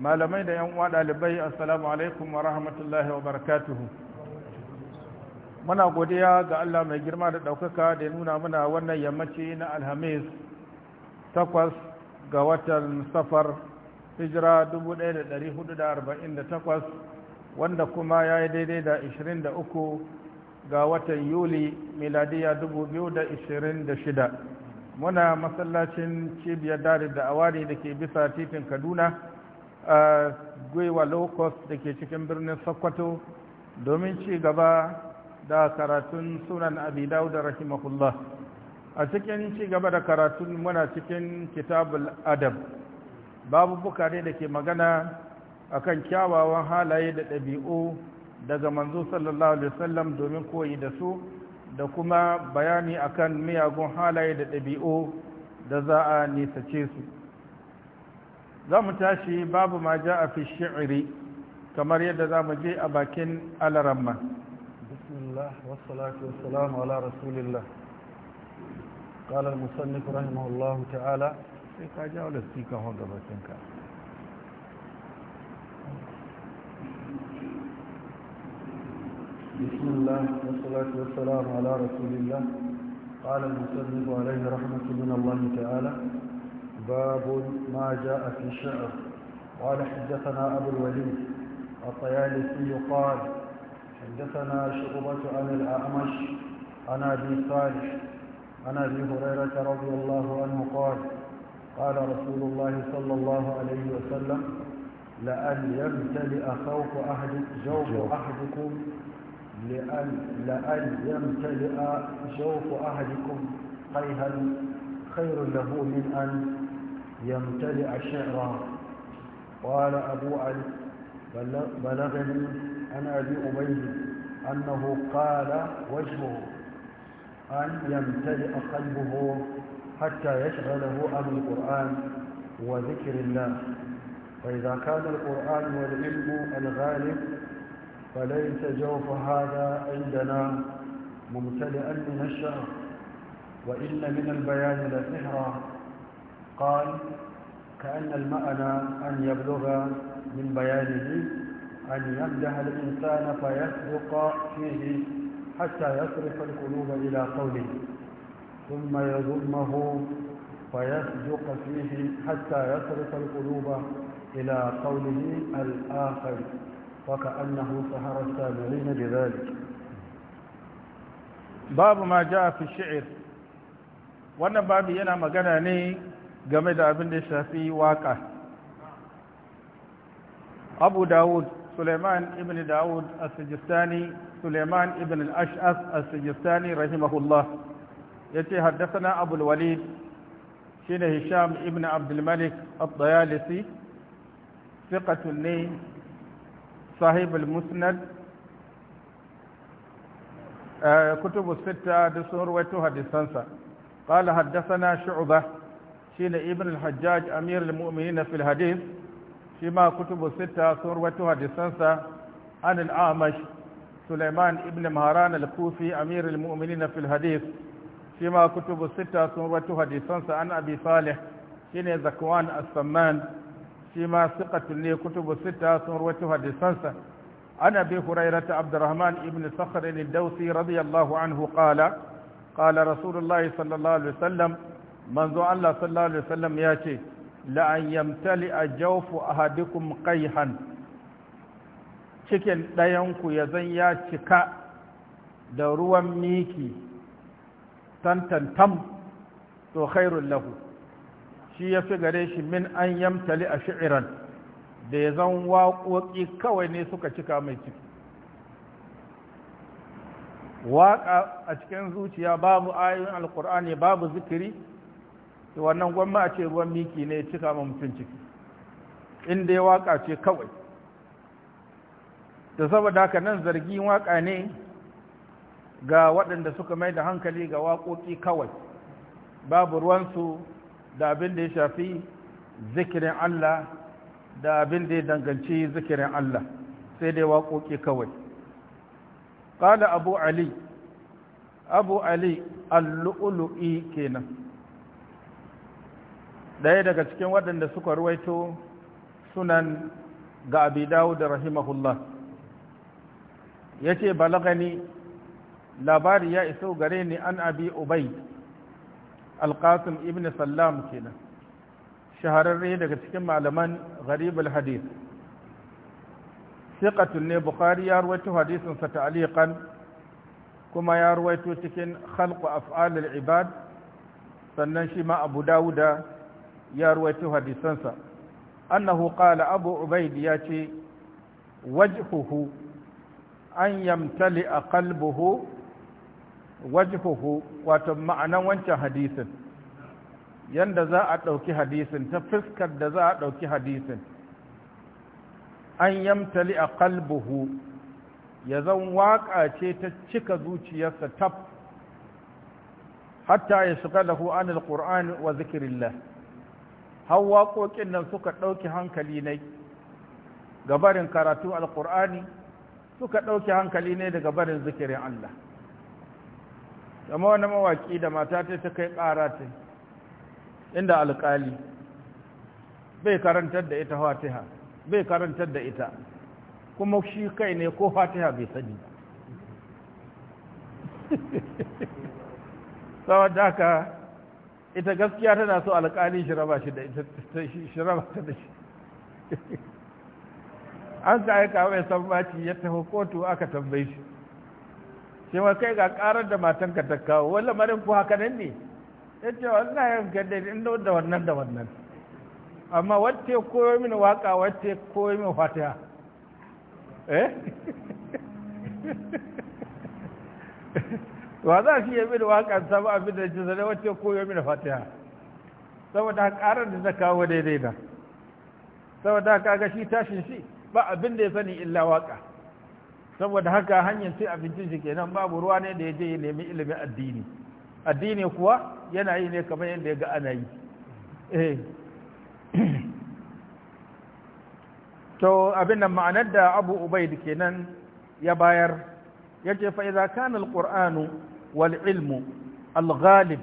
malamai da yan uwa dalibai assalamu alaikum wa rahmatullahi wa barakatuhu muna godiya ga Allah mai girma da ɗaukaka da nuna muna wannan yammaci na alhamis takwas ga watan safar hijira 1448 wanda kuma ya yi daidai da 23 ga watan yuli miladiya 2026 muna masallacin cibiyar dare da awari da ke bisa titin kaduna a gwiwa locust da ke cikin birnin sokoto domin ci gaba da karatun sunan abi dauda rahimahullah a cikin ci gaba da karatun muna cikin kitabul adab babu bukare da ke magana a kan kyawawan halaye da ɗabi'u daga manzo sallallahu alaihi wasallam domin koyi da su da kuma bayani akan miyagun halaye da ɗabi'u da za a nisace su za mu tashi babu ma ja a fi shi'iri kamar yadda za mu je a bakin alaramma bismillah wassalatu wassalamu ala rasulillah قال المصنف رحمه الله تعالى بسم الله والصلاة والسلام على رسول الله قال المصنف عليه رحمة من الله تعالى باب ما جاء في الشعر قال حدثنا أبو الوليد الطيالسي قال حدثنا شعبة عن الأعمش عن أبي صالح عن أبي هريرة رضي الله عنه قال قال رسول الله صلى الله عليه وسلم لأن يمتلئ خوف أحد جوف أحدكم لأن, لأن يمتلئ جوف أحدكم قيها خير له من أن يمتلئ شعرا قال أبو علي بلغني عن أبي أبيه أنه قال وجهه أن يمتلئ قلبه حتى يشغله عن القرآن وذكر الله فإذا كان القرآن والعلم الغالب فليس جوف هذا عندنا ممتلئا من الشعر وإن من البيان لسحرا قال كأن المعنى أن يبلغ من بيانه أن يمدح الإنسان فيسبق فيه حتى يصرف القلوب إلى قوله ثم يذمه فيسبق فيه حتى يصرف القلوب إلى قوله الآخر وكأنه سهر السامعين بذلك باب ما جاء في الشعر وأن babu yana magana game da abin da shafi waka abu dawud suleiman ibn dawud as-sijistani suleiman ibn al-ash'as as-sijistani rahimahullah yace haddathana abu al-walid shine hisham ibn abd al-malik ad-dayalisi thiqatun ni sahib al-musnad كتب الستة دسور sun ruwaito قال حدثنا شعبه شين ابن الحجاج أمير المؤمنين في الحديث فيما كتب ستة ثروتها دسنسة عن الأعمش سليمان ابن مهران الكوفي أمير المؤمنين في الحديث فيما كتب ستة ثروتها دسنسة عن أبي صالح شين زكوان السمان فيما ثقة لي كتب ستة ثروتها دسنسة عن أبي هريرة عبد الرحمن ابن صخر الدوسي رضي الله عنه قال قال رسول الله صلى الله عليه وسلم manzo Allah sallallahu alaihi wasallam ya ce an yamtali a ahadikum qayhan cikin ɗayanku ya zan ya cika da ruwan miki tantantam to khairul lahu shi ya fi gare shi min an yamtali a shi'iran da ya zan waƙoƙi kawai ne suka cika mai ciki waƙa a cikin zuciya babu ayoyin alkur'ani babu zikiri to wannan gwamma a ce ruwan miki ne cika ma mutum ciki in ya waka ce kawai da saboda haka nan zargin waka ne ga waɗanda suka mai da hankali ga waƙoƙi kawai babu ruwansu da abin da ya shafi zikirin Allah da abin da ya danganci zikirin Allah sai dai waƙoƙi kawai Kada abu ali abu ali al-lu'lu'i kenan ɗaya daga cikin waɗanda suka ruwaito sunan ga abi dawud rahimahullah yace balagani labari ya iso gare ni an abi ubai alƙasim ibn sallam kenan shahararre daga cikin malaman gharib alhadith siƙatun ne bukari ya ruwaito hadisinsa sa alikan kuma ya ruwaito cikin khalq af'al al-ibad sannan shi ma abu dawuda ya ruwaito hadisansa annahu qala abu ubaid ya ce wajhuhu an yamtali a qalbuhu wajhuhu wato ma'anan wancan hadisin yanda za a ɗauki hadisin ta fiskar da za a ɗauki hadisin an yamtali a qalbuhu ya zan waƙa ce ta cika zuciyarsa tab hatta ya shiga lahu anil qur'ani wa zikirillah har waƙoƙin nan suka ɗauki hankali ne ga barin karatu alƙur'ani suka ɗauki hankali ne daga barin zikirin Allah kama wani mawaƙi da mata ta ta kai ƙara ta inda alƙali bai karantar da ita fatiha bai karantar da ita kuma shi kai ne ko fatiha bai sani ita gaskiya tana so alƙali shi raba shi da ita shi raba ta da shi an ka aika mai sammaci ya tafi kotu aka tambaye shi sai ma kai ga karar da ka ta kawo wani lamarin ku haka nan ne ya ce wannan ya fi da inda da wannan da wannan amma wacce koyo min waka wacce koyo min fatiha eh wa za shi yabi da waƙar sa ba abin da jinsa da wacce koyo mini fatiha saboda ƙarar da ta kawo daidai da saboda kaga shi tashin shi ba abin da ya sani illa waƙa saboda haka hanyar ci abincin shi kenan babu ruwa ne da ya je ya nemi ilimin addini addini kuwa yana yi ne kamar yadda ya ga ana yi eh. to abin nan ma'anar da abu ubaid kenan ya bayar yake fa idza kana wal ilmu al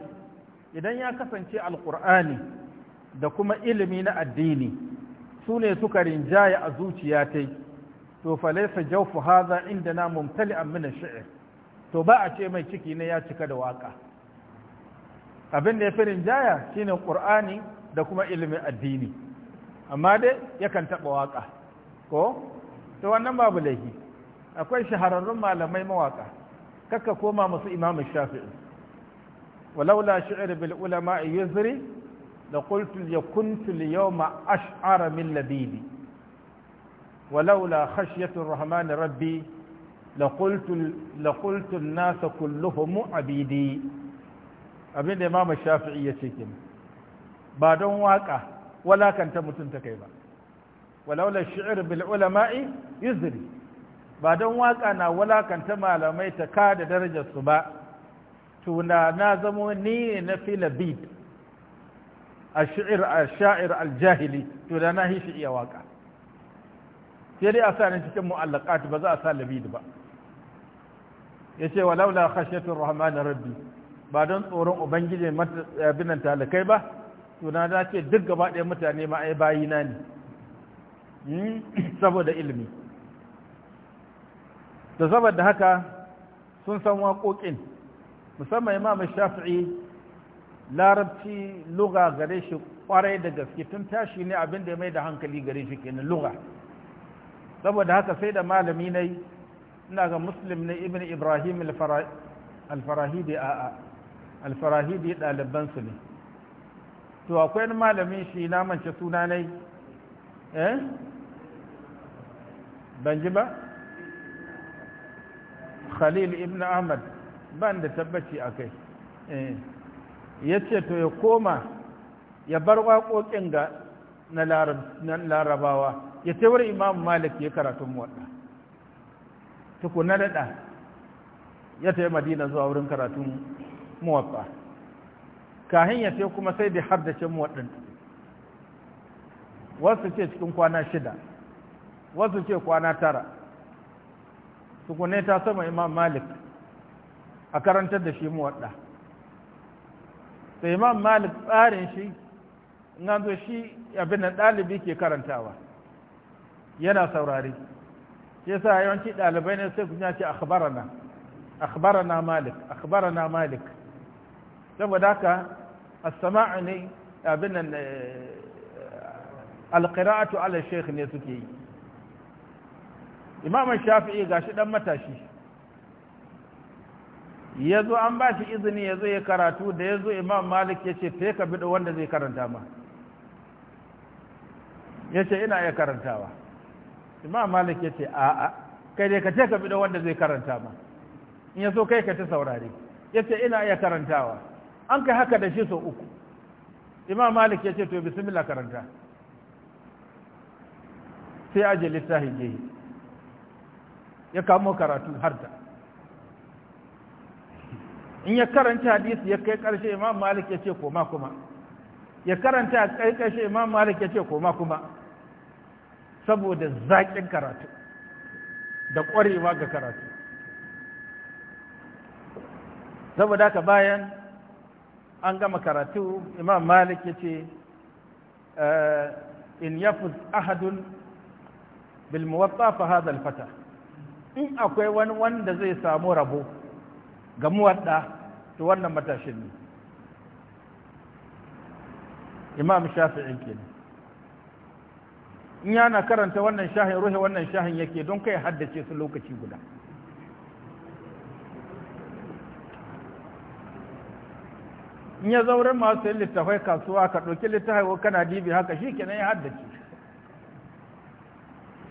idan ya kasance alqur'ani da kuma ilimi na addini su ne suka rinjaya a zuciya tai to falaisa jawfu hadha indana mumtali'an min ash-shi'r to ba a ce mai ciki ne ya cika da waka abin da ya fi rinjaya shine Ƙur'ani da kuma ilimin addini amma dai yakan taɓa waƙa ko to wannan babu laifi akwai shahararrun malamai mawaƙa kakka koma musu imamu shafi'i walaula shi'ir bil ulama yuzri la qultu yakuntu al yawma ash'ara min labibi walaula khashyatu rahman rabbi la qultu la qultu an-nas kulluhum abidi abin da imamu shafi'i ya ce kin ba don waka walakanta mutunta kai ba walaula shi'ir bil ulama yuzri ba don waka na walakanta malamai ta ka da darajarsu ba tuna na zamo ni na fila bid a sha'ir aljahili tuna na shi iya waka sai dai a sa ni cikin mu'allakat ba za a sa labid ba Ya ce wa laula khashyatur rahman rabbi ba don tsoron ubangiji binan talakai ba tuna na ce duk gaba ɗaya mutane ma ai bayina ne hmm? saboda ilimi da saboda haka sun san waƙoƙin musamman imam shafi'i larabci luga gare shi kwarai da gaske tun tashi ne abin da ya mai da hankali gare shi kenan luga saboda haka sai da malami ne ina ga muslim ne ibn ibrahim alfarahidi a alfarahidi ɗalibansu ne to akwai wani malami shi na mance suna ne eh ban khalil ibn ahmad ban da tabbaci a kai eh, ya ce to ya koma ya bar waƙoƙin ga na larabawa ya taiwar imam malik ya karatun muwaɗa tukuna daɗa ya taiwa madina zuwa wurin karatun muwaɗa kahin ya ce kuma sai da haddace muwaɗin wasu ce cikin kwana shida wasu ce kwana tara tukune ta sama imam malik a karantar da shi mu wadda sai imam malik tsarin shi in zo shi abin da ɗalibi ke karantawa yana saurari shi sa yawanci ɗalibai ne sai kunya ce akhbarana akhbarana malik akhbarana malik saboda haka as-sama'u ne abin nan eh, al-qira'atu ala shaykh ne suke yi imaman shafi'i shi dan matashi ya zo an ba shi izini ya zo ya karatu da ya zo imam malik ya ce ta ka biɗo wanda zai karanta ma ya ce ina iya karantawa imam malik ya ce a'a kai dai ka ce ka biɗo wanda zai karanta ma in ya so kai ka ta saurare ya ce ina iya karantawa an kai haka da shi sau uku imam malik ya ce to bismillah karanta sai aje littafin gehe ya kamo karatu har ta in ya karanta hadisi ya kai karshe imam malik ya ce koma kuma ya karanta a kai karshe imam malik ya ce koma kuma saboda zaƙin karatu da ƙwarewa ga karatu saboda haka bayan an gama karatu imam malik ya ce eh, in yafuz ahadun bil fa hada al in akwai wani wanda zai samu rabo ga muwadda to wannan matashin ne imam shafi'in kenan in yana karanta wannan shahin ruhe wannan shahin yake don kai haddace su lokaci guda in ya zaurin masu yin littafai kasuwa ka ɗauki littafai ko kana dibi haka shi kenan ya haddace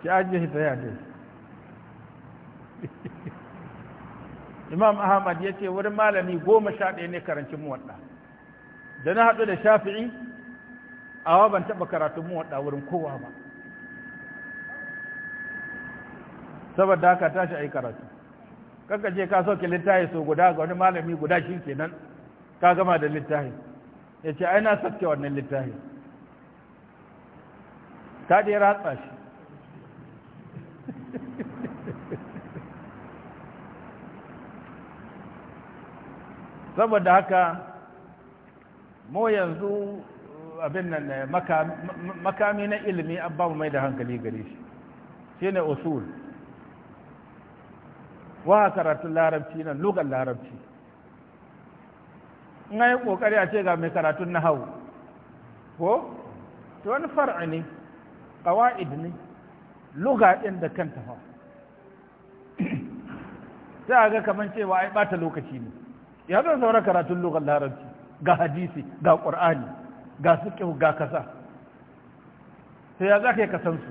shi ajiye ta yadda imam ahmad ya ce wurin malami goma sha ɗaya ne karancin muwaɗa da na haɗu da shafi'i awa ban taɓa karatun muwaɗa wurin kowa ba saboda haka tashi a yi karatu kanka ce ka sauke littahi so guda ga wani malami guda shi kenan ka gama da littafi ya ce ai na sauke wannan littafi ta ɗaya ratsa shi saboda haka mu yanzu abin nan eh, makami na ilimi an mai da hankali gare shi shi ne usul wa karatun larabci nan lugar larabci in yi kokari a ce ga mai karatun na hau ko to wani far'a ne ƙawa'id ne luga ɗin da kanta fa sai a ga kamar cewa ai bata lokaci ne ya zan saura karatun lugar larabci ga hadisi ga ƙur'ani ga suƙihu ga kasa sai ya za ka yi kasansu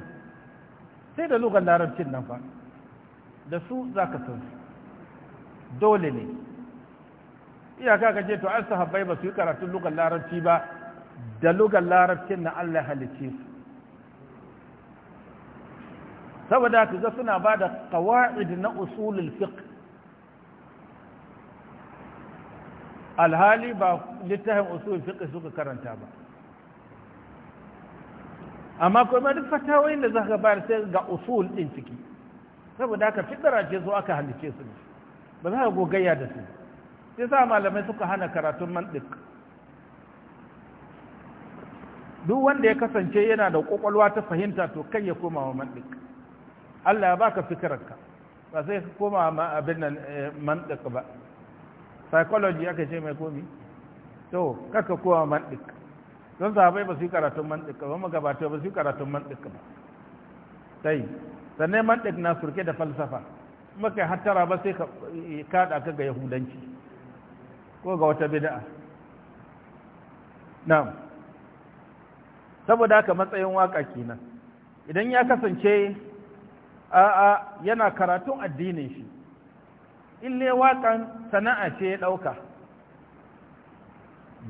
sai da lugar larabcin nan fa da su za ka san su dole ne iyaka ka ce to an sahabbai ba su yi karatun lugar larabci ba da lugar larabcin na Allah halicce su saboda ka ga suna ba da kawa'id na usulul fiqh alhali ba littafin usul fiqh suka karanta ba amma kuma duk fatawoyin da zaka bayar sai ga usul din ciki saboda ka fitara ce zo aka halice su ba za ka gogayya da su sai sa malamai suka hana karatun mantiq duk wanda ya kasance yana da kwakwalwa ta fahimta to kai ya koma wa mantiq Allah ya baka fikirarka ba sai ka koma abin nan eh, mantiq ba psychology aka ce mai komi to kaka kowa mantik don sahabai ba su yi karatun mantik ba magabata ba su yi karatun mantik ba sai sannan mantik na surke da falsafa maka hattara ba sai ka da ka ga yahudanci ko ga wata bid'a na saboda haka matsayin waka kenan idan ya kasance a'a yana karatun addinin shi ne waƙan sana'a ce ya ɗauka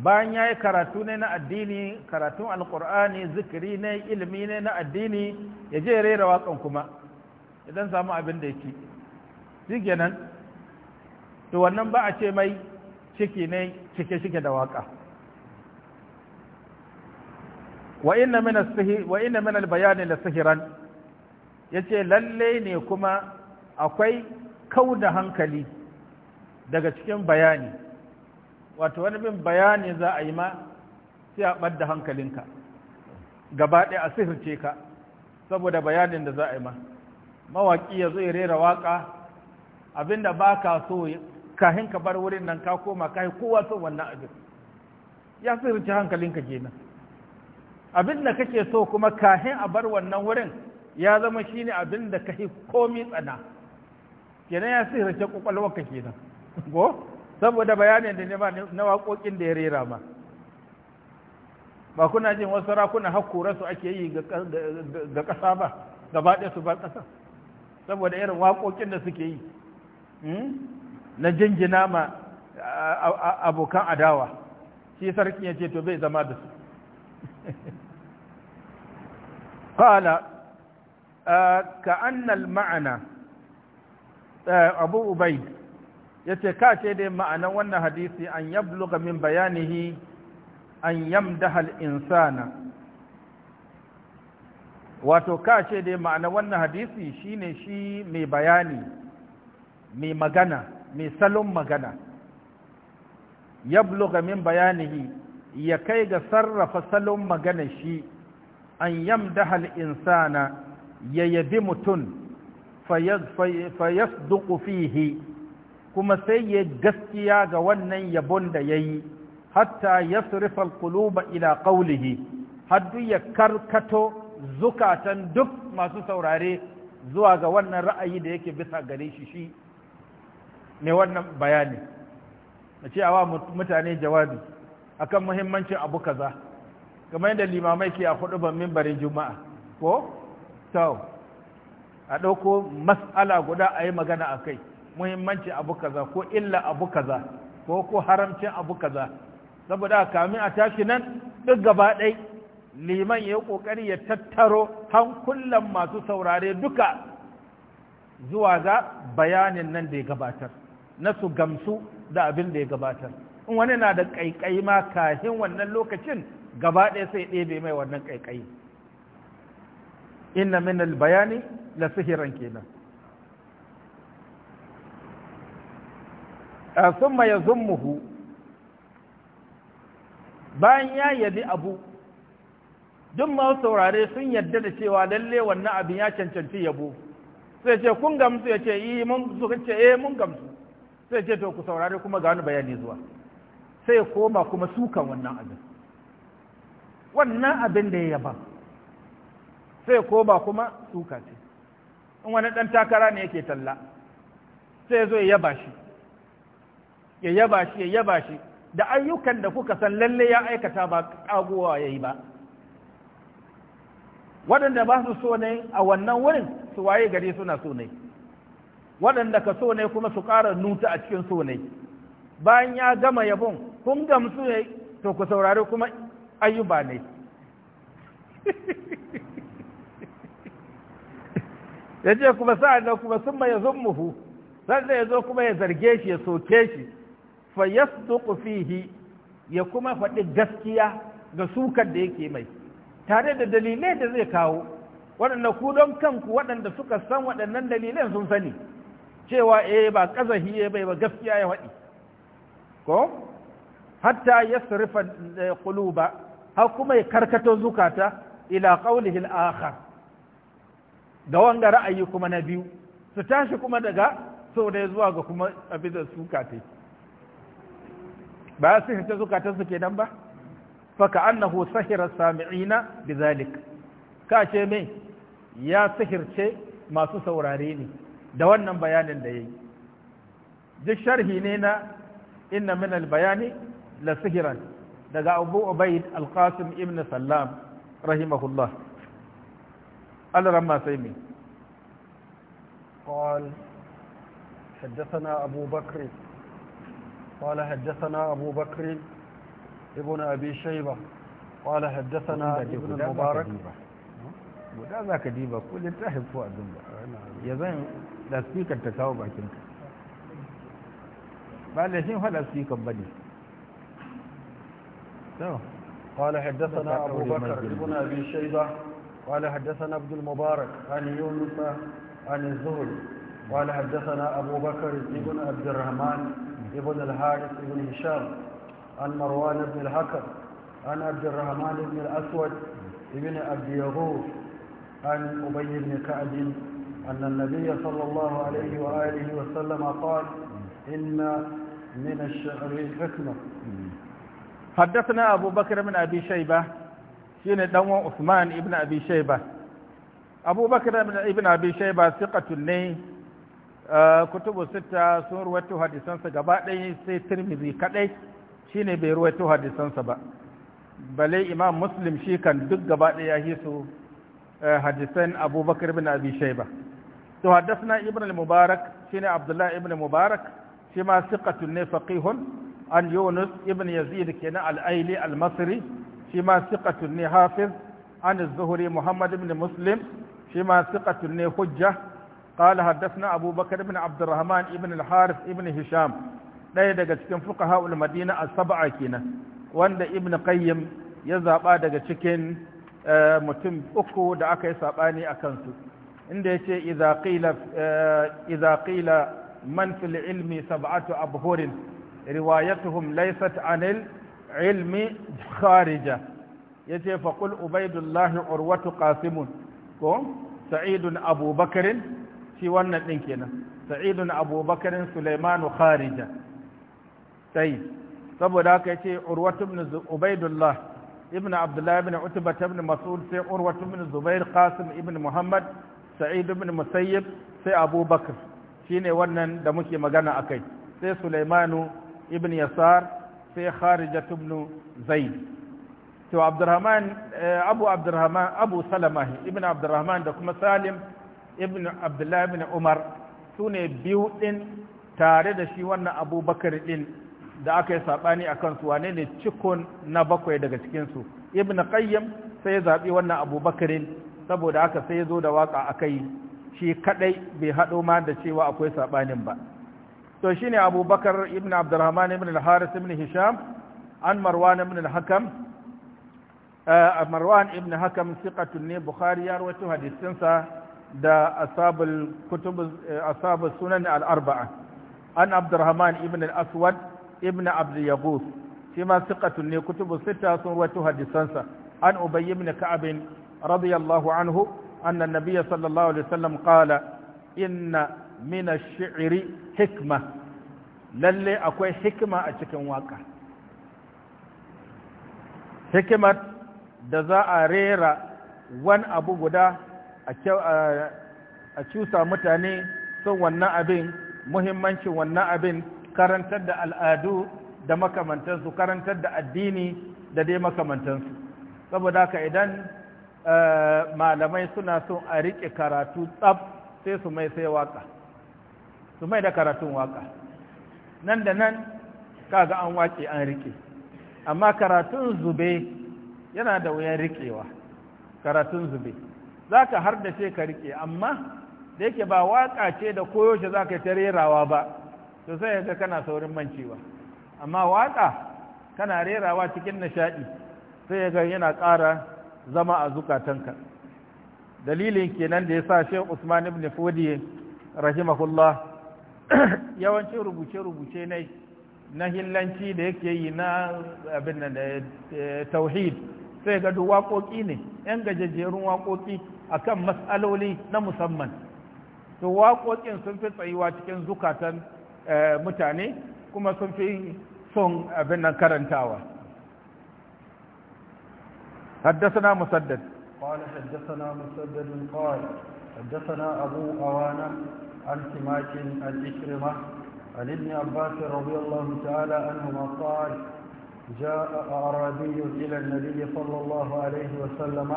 bayan ya yi karatu ne na addini karatun Alƙur'ani, zikiri ne ilimi ne na addini ya je rera waƙan kuma idan samu abin da yake zigenan to wannan ba a ce mai ciki ne cike-cike da waƙa wa inna min albayani la sihiran ya ce lalle ne kuma akwai kau da hankali daga cikin bayani wato wani bin bayani za a yi ma sai a ɓadda hankalinka gaba ɗaya a sihirce ka saboda bayanin da za a yi ma mawaƙi ya zo ya rera waƙa abinda ba ka so kahin ka bar wurin nan ka koma ka yi kowa son wannan abin ya sirrice hankalinka kenan abin da kake so kuma kahin a bar wannan wurin ya zama shine abin da ka yi komi tsana kenan ya kwakwalwar ka kenan go saboda bayanin da ne ba na waƙoƙin da ya rera ma ba kuna jin wasu rakuna hakkura su ake yi ga ƙasa ba gaba ɗaya su ba ƙasa saboda irin waƙoƙin da suke yi hmm? na jinjina ma abokan adawa shi sarki ya ce to bai zama da su qala ah, ka annal ma'ana Eh, abu ubaid yace ka ce dai ma'anan wannan hadisi an yabluga min bayanihi an yamdahal insana wato ka ce dai ma'anan wannan hadisi shine shi mai bayani mai magana mai salon magana yabluga min bayanihi ya kai ga sarrafa salon magana shi an yamdahal insana ya yabi mutum fayasduku fihi kuma sai ya gaskiya ga wannan yabon da yayi hatta yasrifa alquluba ila qawlihi haddu ya karkato zukatan duk masu saurare zuwa ga wannan ra'ayi da yake bisa gare shi shi ne wannan bayani na ce awa mutane jawabi akan muhimmancin abu kaza kamar yadda limamai ke a hudu ban mimbarin juma'a ko tau a ɗauko mas'ala guda a yi magana a kai muhimmanci abu kaza ko illa abu kaza ko ko haramcin abu kaza saboda kami a tashi nan duk gaba ɗai liman ya yi ƙoƙari ya tattaro hankulan masu saurare duka zuwa ga bayanin nan da ya gabatar na su gamsu da abin da ya gabatar in wani na da ƙaiƙayi ma kahin wannan lokacin gaba ɗaya sai ɗebe mai wannan ƙaiƙayi inna min bayani la sihiran kenan summa zummuhu bayan ya yabi abu duk masu saurare sun yadda da cewa lalle wannan abin ya cancanci yabo sai ce kun gamsu ya ce yi eh, mun suka ce eh mun gamsu sai ce to ku saurare kuma ga wani bayani zuwa sai koma kuma sukan wannan abin wannan abin da ya yaba sai koma kuma suka ce in wani ɗan takara ne yake talla sai zo ya yaba shi ya yaba shi ya yaba shi da ayyukan da kuka san lalle ya aikata ba ƙagowa ya yi ba waɗanda ba su so ne a wannan wurin su waye gari suna so ne waɗanda ka so ne kuma su ƙara nuta a cikin so ne bayan ya gama yabon kun gamsu ne to ku saurari kuma ayyuba ne ya je kuma sa'an nan kuma sun mai muhu sannan ya zo kuma ya zarge shi ya soke shi fa yasduqu fihi ya kuma faɗi gaskiya ga sukan da yake mai tare da dalilai da zai kawo waɗanda ku don kanku waɗanda suka san waɗannan dalilan sun sani cewa eh ba ƙazahi ya bai ba gaskiya ya faɗi ko hatta yasrifa eh, quluba har kuma ya karkato zukata ila ƙaunihin da wanga ra'ayi kuma na biyu su tashi kuma daga sau da zuwa ga kuma abin da suka ta ba su hita zukatan su nan ba faka annahu sahira sami'ina zalik ka ce me ya sihirce masu saurare ne da wannan bayanin da ya yi? duk sharhi ne na inna min bayani la sihiran daga Abu Ubaid al-Qasim ibn Sallam rahimahullah قال لما سيمي قال حدثنا أبو بكر قال حدثنا أبو بكر ابن أبي شيبة قال حدثنا ابن المبارك guda za ka diba ko littafin ko abin ya zan da ta kawo bakinka ba laifin faɗa ba ne قال حدثنا أبو بكر ابن أبي شيبة قال حدثنا عبد المبارك عن يونس عن الزهري قال حدثنا أبو بكر بن عبد الرحمن بن الحارث بن هشام عن مروان بن الحكم عن عبد الرحمن بن الأسود بن عبد يغوث عن أبي بن كعب أن النبي صلى الله عليه وآله وسلم قال إن من الشعر حكمة حدثنا أبو بكر بن أبي شيبة shi shine ɗanwan Usman ibn Abi Shayba Abubakar ibn Abi Shayba siqatun ne eh, kutubu sita sun ruwaito hadisansa gaba ɗaya sai Tirmidhi kadai ne bai ruwaito hadisansa ba bale Imam Muslim shi kan duk gaba ɗaya ya su eh, hadisan Abubakar ibn Abi Shayba to haddathna ibn al-Mubarak ne Abdullah ibn Mubarak shi ma siqatun ne faqihun an Yunus ibn Yazid kenan al-Aili al-Masri shi ma siqatun ne hafiz an zuhri muhammad ibn muslim shi ma siqatun ne hujja qala haddathna abubakar ibn abdurrahman ibn al-harith ibn hisham ɗaya daga cikin fuqaha ul-madina as-sab'a kenan wanda ibn qayyim ya zaba daga cikin mutum uku da aka yi sabani a kansu inda yace idza qila idza qila man fil ilmi sab'atu abhurin riwayatuhum laysat anil ilmi kharija yace fa qul ubaidullah urwatu qasim ko sa'idun abubakarin shi wannan din kenan sa'idun abubakarin sulaimanu kharija sai saboda haka yace urwatu ibn ubaidullah ibn abdullah ibn utba ibn mas'ud sai urwatu ibn zubair qasim ibn muhammad sa'id ibn musayyib sai abubakar shine wannan da muke magana akai sai sulaimanu ibn yasar sai kharija ibn zaid to abdurrahman eh, abu abdurrahman abu salama ibn abdurrahman da kuma salim ibn abdullah ibn umar sune biyu din tare da shi wannan abubakar din da aka yi sabani a kansu. wane ne cikon na bakwai daga cikin su ibn qayyim sai ya zabi wannan abubakarin saboda haka sai ya zo da waka akai shi kadai bai haɗo ma da cewa akwai sabanin ba to shine abubakar ibn abdurrahman ibn al-haris ibn hisham an marwan ibn al-hakam uh, marwan ibn hakam siqatun ne bukhari ya rawaito hadisinsa da asabul kutub uh, asabul sunan al-arba'a an abdurrahman ibn al-aswad ibn abd yaghus shi ma siqatun ne kutubu sita sun rawaito hadisansa an ubay ibn ka'ab radiyallahu anhu anna an-nabiy sallallahu alaihi wasallam qala inna Mina shiiri hikma lalle akwai hikma a cikin waka hikimar da za a rera wani abu guda a cusa mutane son wannan abin muhimmancin wannan abin karantar da al'adu da makamantansu karantar da addini da dai makamantansu saboda haka idan eh, malamai suna son a riƙe karatu tsab sai su mai sai waka su mai da karatun waka nan da nan kaga an wake an rike amma karatun zube yana da wuyan rikewa karatun zube za ka har da ka rike amma da yake ba waka ce da koyaushe za ka ta rerawa ba to sai ga kana saurin mancewa amma waka kana rerawa cikin nishaɗi sai ga yana ƙara zama a zukatanka dalilin kenan da ya sa shehu usman ibn fudi rahimahullah yawancin rubuce-rubuce ne na hillanci da yake yi na abin da tauhid sai ga duk waƙoƙi ne ‘yan gajejerun waƙoƙi a kan matsaloli na musamman to waƙoƙin sun fi tsayuwa cikin zukatan eh, mutane kuma sun fi son abin nan karantawa haddasa musaddad قال حدثنا مسدد قال حدثنا أبو أوانة عن سماك عن إكرمة عن ابن عباس رضي الله تعالى عنهما قال جاء أعرابي إلى النبي صلى الله عليه وسلم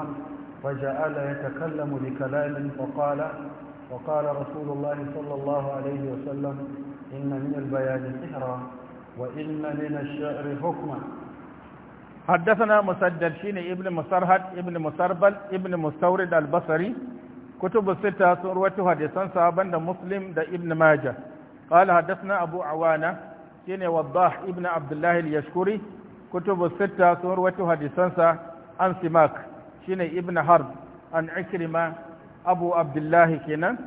فجعل يتكلم بكلام فقال وقال رسول الله صلى الله عليه وسلم إن من البيان سحرا وإن من الشعر حكما حدثنا مسدد شين ابن مسرهد ابن مسربل ابن مستورد البصري kutubu sita sun ruwaito hadisan sahaban da muslim da ibn majah qala hadathna abu awana shine wadah ibn abdullah al kutubu sita sun ruwaito hadisan sa an shine ibn harb an ikrima abu abdullah kenan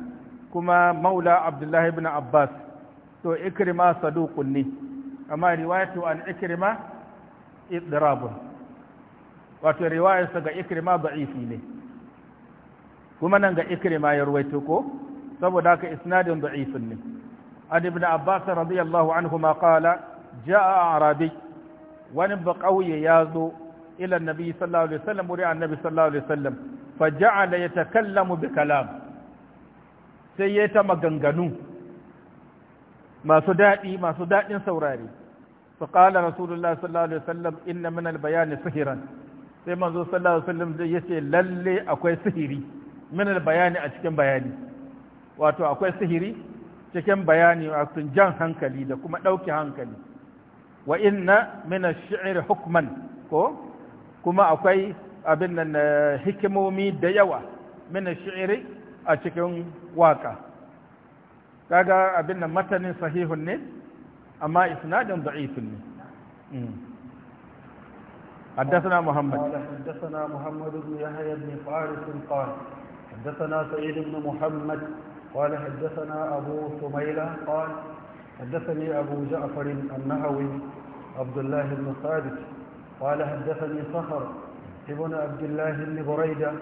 kuma maula abdullah ibn abbas to ikrima saduqun ne amma riwayatu an ikrima idrabun wato riwayarsa ga ikrima da'ifi ne kuma nan ga ikrima ya ruwaito ko saboda haka isnadin da'ifin ne an ibn abbas radiyallahu anhu ma qala jaa arabi wani ba kauye ya zo ila nabi sallallahu alaihi wasallam wuri annabi sallallahu alaihi wasallam fa ja'ala yatakallamu bi kalam sai ya ta maganganu masu daɗi masu daɗin saurare fa qala rasulullah sallallahu alaihi wasallam inna min al-bayani sihiran sai manzo sallallahu alaihi wasallam zai ce lalle akwai sihiri min bayani a cikin bayani wato akwai sihiri cikin bayani wato jan hankali da kuma ɗauki hankali wa inna min ash hukman ko kuma akwai abin nan hikimomi da yawa min ash a cikin waka kaga abin nan matanin sahihun ne amma isnadin da'ifun ne حدثنا محمد حدثنا محمد بن يحيى بن فارس قال حدثنا سعيد بن محمد قال حدثنا أبو سميلة قال حدثني أبو جعفر النهوي عبد الله بن ثابت قال حدثني صخر ابن عبد الله بن بريدة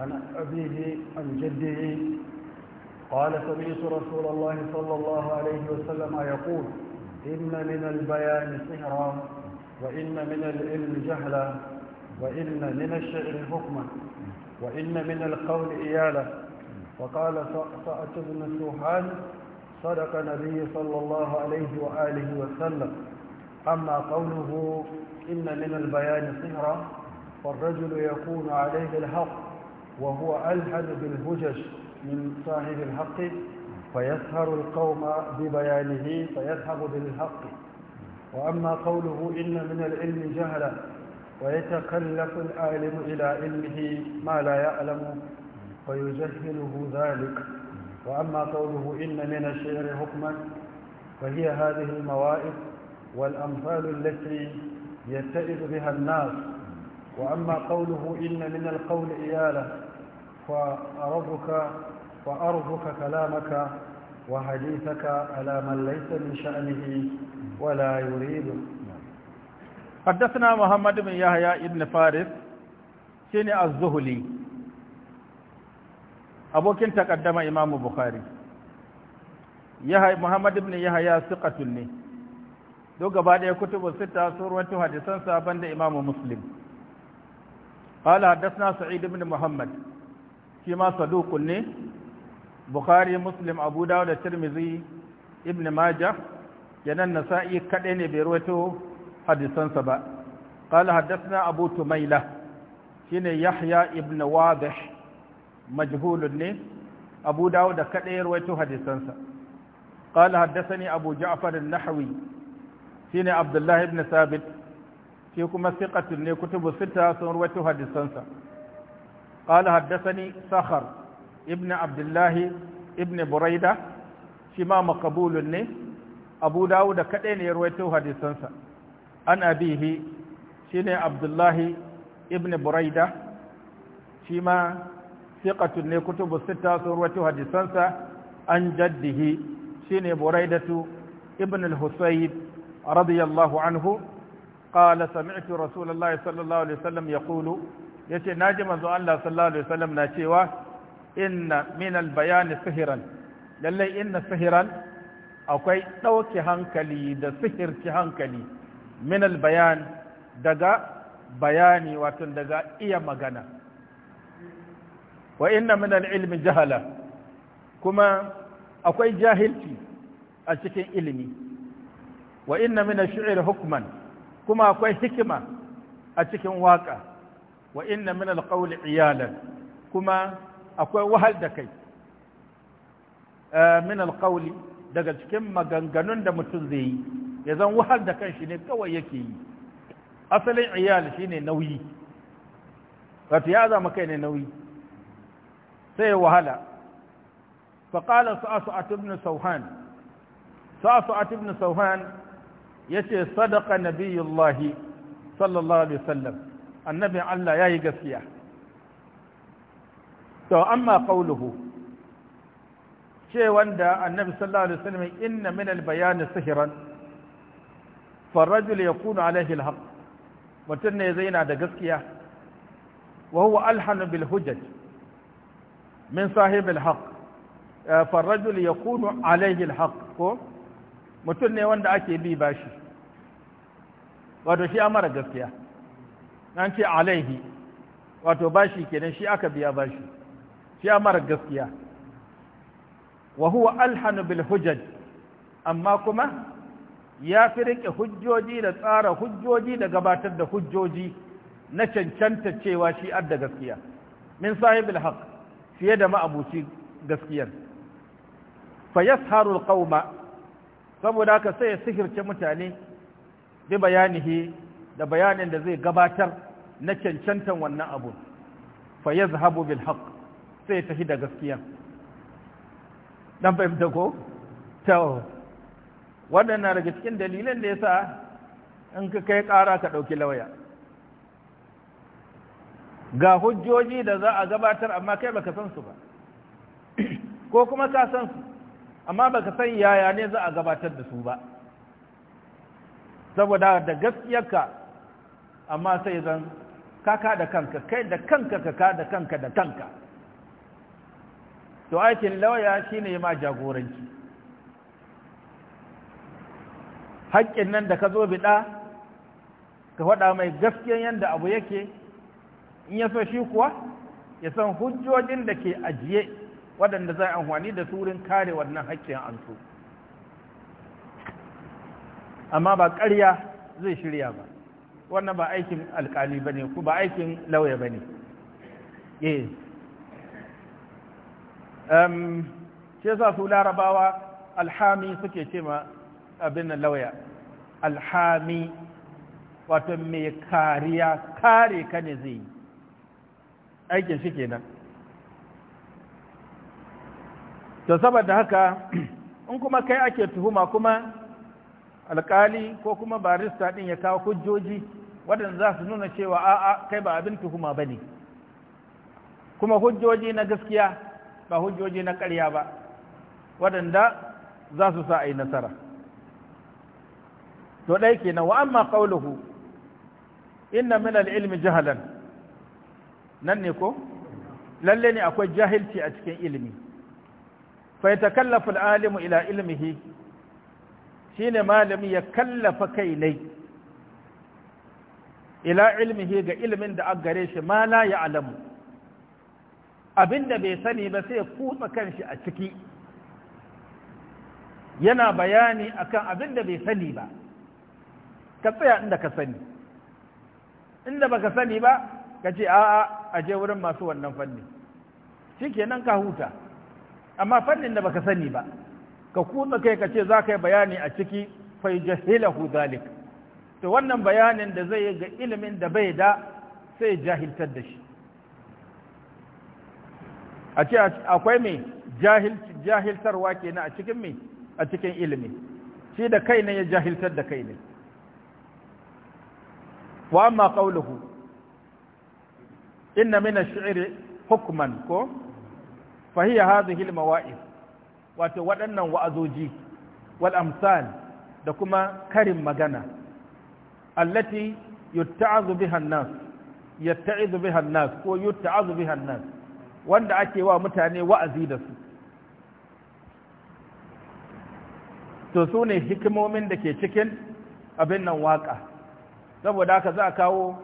عن أبيه عن جده قال سمعت رسول الله صلى الله عليه وسلم يقول إن من البيان سهرا وإن من العلم جهلا وإن من الشعر حكما وإن من القول إيالة وقال سعد بن سوحان صدق نبي صلى الله عليه وآله وسلم أما قوله إن من البيان سهرا فالرجل يكون عليه الحق وهو ألحد بالهجج من صاحب الحق فيسهر القوم ببيانه فيذهب بالحق وأما قوله إن من العلم جهلا ويتكلف العالم إلى علمه ما لا يعلم ويجهله ذلك وأما قوله إن من الشعر حكما فهي هذه المواعظ والأمثال التي يتئذ بها الناس وأما قوله إن من القول إيالة فأرضك فأرضك كلامك وحديثك على من ليس من شأنه ولا يريده حدثنا محمد بن ya ابن فارس شيني الزهلي abokin takaddama imamu bukhari muhammad ibn yahya siqatun ne do gaba da kutubu sita surwatu hadisan saban da imamu muslim qala hadathna sa'id ibn muhammad shi ma saduqun ne bukhari muslim abu dawud da tirmidhi ibn majah yanan nasa'i kadai ne bai ruwaito hadisansa ba qala haddathna abu tumaila shine yahya ibn wadih majhulun ne abu dawud da kada ya rawaito hadisansa qala haddathani abu ja'far an-nahwi shine Abdullahi ibn thabit shi kuma thiqatun ne kutubu sita sun rawaito hadisansa qala haddathani sakhar ibn Abdullahi ibn buraida shi ma maqbulun ne abu dawud da kada ne ya hadisansa an abihi ne abdullahi ibn buraida shi ma siqatun ne kutubu sita sun hadisansa an jaddihi shine buraidatu ibn al-husayb radiyallahu anhu qala sami'tu rasulullahi sallallahu alaihi wasallam yaqulu yace na manzo Allah sallallahu alaihi wasallam na cewa inna min bayani sihiran lallai inna sihiran akwai ɗauki hankali da sihirci hankali min bayan daga bayani wato daga iya magana wa inna min ilmi jahala kuma akwai jahilci a cikin ilimi wa inna min shi'ir hukman kuma akwai hikima a cikin waka wa inna min alqawli iyalan kuma akwai wahal da kai eh, min alqawli daga cikin maganganun da mutum zai yi ya zan wahal da kanshi ne kawai yake yi asalin iyal shine nauyi wato ya zama kai ne nauyi sai wahala faƙalar sa'asu'at ibn sauhan sa'asu'at ibn sauhan ya ce sadaka nabiyullahi sallallahu alaihi wasallam annabin Allah ya yi gaskiya to amma ƙauluhu ce wanda annabi sallallahu alaihi wasallam inna min albayani sihiran farrajul ya kuna alaihi alhaq mutum ne zai gaskiya wa huwa alhanu bil hujjaj min sahib eh, alhaq ya ko mutum ne wanda ake bi bashi wato shi amara gaskiya an ce alaihi wato bashi kenan shi aka biya bashi shi amara gaskiya wa huwa alhanu bil hujaj amma kuma ya fi riƙe hujjoji da tsara hujjoji da gabatar da hujjoji na cancanta cewa shi adda gaskiya min sahibul haq fiye da ma'abuci gaskiyar fa yasharu alqawma saboda ka sai sihirce mutane bi bayanihi da bayanin da zai gabatar na cancantan wannan abu fa yazhabu bil haqq sai ya tafi da gaskiya dan da ko to waɗannan daga cikin dalilan da ya sa in ka kai ƙara ka ɗauki lauya ga hujjoji da za a gabatar amma kai baka san su ba ko kuma ka san su amma baka san yaya ne za a gabatar da su ba saboda da gaskiyarka amma sai zan kaka da kanka kai da kanka kaka da kanka da kanka to aikin lauya shine ma jagoranci haƙƙin nan da ka zo biɗa ka faɗa mai gaskiyan yadda abu yake in ya so shi kuwa ya san hujjojin da ke ajiye waɗanda za a amfani da turin kare wannan haƙƙin an su amma ba ƙarya zai shirya ba wannan ba aikin alƙali ba ne ba aikin lauya ba ne ce eh. ehm, sa su larabawa alhami suke ce ma abin lauya alhami wato mai kariya kare ka ne zai yi aikin shi kenan to saboda haka in kuma kai ake tuhuma kuma alkali ko kuma barista din ya kawo hujjoji waɗanda za su nuna cewa a'a kai ba abin tuhuma ba ne kuma hujjoji na gaskiya ba hujjoji na ƙarya ba waɗanda za su sa a yi nasara to ɗaya kenan wa amma qawluhu inna min ilmi jahalan nan ne ko lalle ne akwai jahilci a cikin ilimi Fai ta al-alimu ila ilmihi ne malami ya kallafa kai ne ila ilmihi ga ilimin da aka gare shi ma la ya'lamu abinda bai sani ba sai kutsa kanshi a ciki yana bayani akan abinda bai sani ba ka tsaya inda ka sani inda baka sani ba ka ce a'a a je wurin masu wannan fanni shikenan ka huta amma fannin da baka sani ba ka kutsa kai ka ce za ka yi bayani a ciki fai jahilahu zalik to wannan bayanin da zai yi ga ilimin da bai da sai jahiltar da shi a ce akwai mai jahiltarwa kenan a cikin mai a cikin ilimi shi da kai ne ya jahiltar da kai ne wa amma qawluhu inna min ash-shi'ri hukman ko fa hiya hadhihi al-mawa'id wato waɗannan wa'azoji wal amsal da kuma karin magana allati yutta'azu biha an-nas yatta'izu biha ko yutta'azu biha an wanda ake wa mutane wa'azi da su to sune hikimomin da ke cikin abin nan waƙa saboda haka za a kawo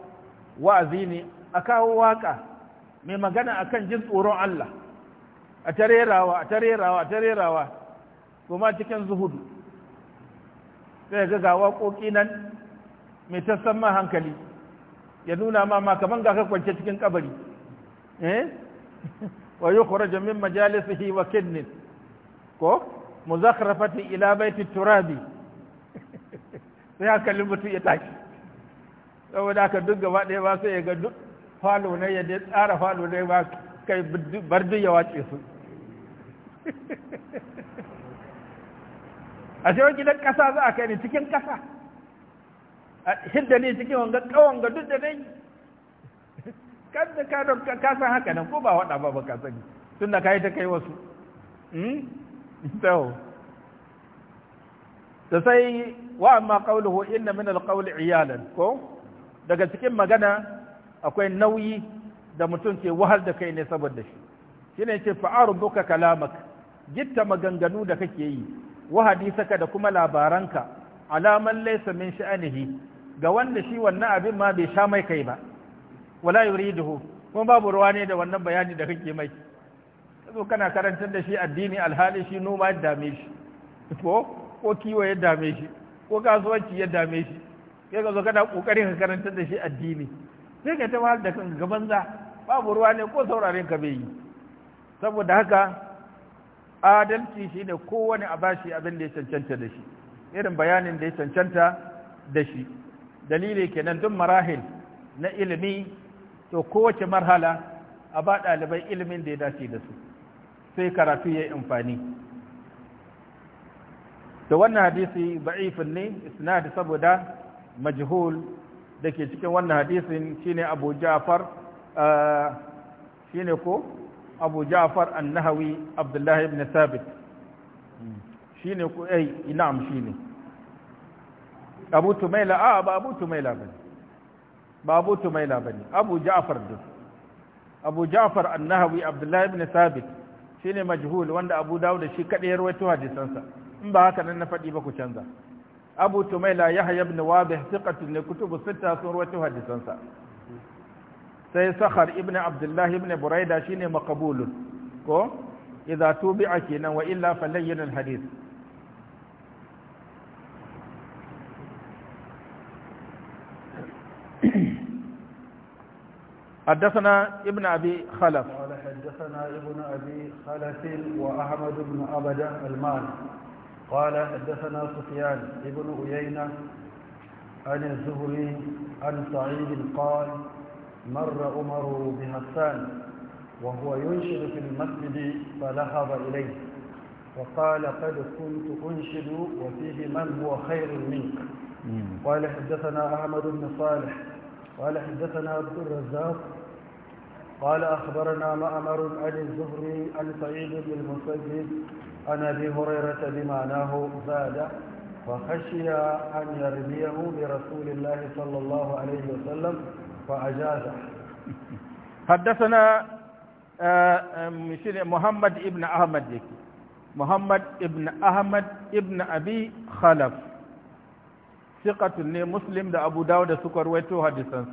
wa'azi ne a kawo waka mai magana akan jin tsoron Allah a tarerawa a tarerawa a tarerawa kuma cikin zuhudu sai ga ga waƙoƙi nan mai tasamman hankali ya nuna ma ma kaman ga ka kwance cikin kabari eh wa yukhraju min majalisihi wa kinnin ko muzakhrafati ila baiti turabi sai hankalin mutum ya taki saboda haka duk gaba ɗaya ba sai ya ga duk falo ne ya tsara falo ne ba kai bar duk ya wace su a shi gidan ƙasa za a kai ne cikin ƙasa a hidda ne cikin wanga ƙawon ga duk da dai kan da ka don ka san haka nan ko ba waɗa ba ba ka sani tun da ka yi ta kai wasu da hmm? sai wa amma ƙaunuhu inna min al iyalan ko daga cikin magana akwai nauyi da mutum ke wahal da kai ne saboda shi ne ce fa'aru buka kalamak gitta maganganu da kake yi wahadi saka da kuma labaranka alaman laysa min sha'anihi ga wanda shi wannan abin ma bai sha mai kai ba wala yuriduhu kuma babu ruwa ne da wannan bayani da kake mai kazo kana karantar da shi addini alhali shi noma ya dame shi ko ko kiwo ya dame shi ko kasuwanci ya dame shi kai ka zo kana kokarin ka karantar da shi addini sai ka ta da kan gaban za babu ruwa ne ko sauraren ka bai yi saboda haka adalci shi ne kowane a bashi abin da ya cancanta da shi irin bayanin da ya cancanta da shi dalili kenan duk marahil na ilimi to kowace marhala a ba ɗalibai ilimin da ya dace da su sai karatu ya yi amfani da wannan hadisi ba'ifin ne isnadi saboda majhul da ke cikin wannan hadisin shine abu ja'far eh, shine ko abu ja'far an abdullahi ibn Sabit shine ko ai eh, Ina'am shine abu tumaila a ba abu tumaila bane ba abu tumaila bane abu ja'far din abu ja'far an abdullahi ibn Sabit shine majhul wanda abu dawud shi kadai ya rawaito hadisansa in ba haka nan na fadi ba ku canza abu tumaila yahya ibn wabih thiqatun li kutubu sita sun rawaito hadisansa sai sakhar ibn abdullahi ibn buraida shine maqbulun ko idza a kenan wa illa falayyin alhadith حدثنا ابن أبي خلف قال حدثنا ابن أبي خلف وأحمد بن أبدا المال قال حدثنا سفيان ابن عيينة عن الزهري عن سعيد قال مر عمر بحسان وهو ينشد في المسجد فلهب إليه وقال قد كنت أنشد وفيه من هو خير منك قال حدثنا أحمد بن صالح قال حدثنا عبد الرزاق قال أخبرنا مأمر عن الزهري عن سعيد بن المسجد عن أبي هريرة بمعناه زاد فخشي أن يرميه برسول الله صلى الله عليه وسلم فأجازه حدثنا محمد ابن أحمد محمد ابن أحمد ابن أبي خلف ثقة مسلم ده أبو داود سكر ويتو حديثا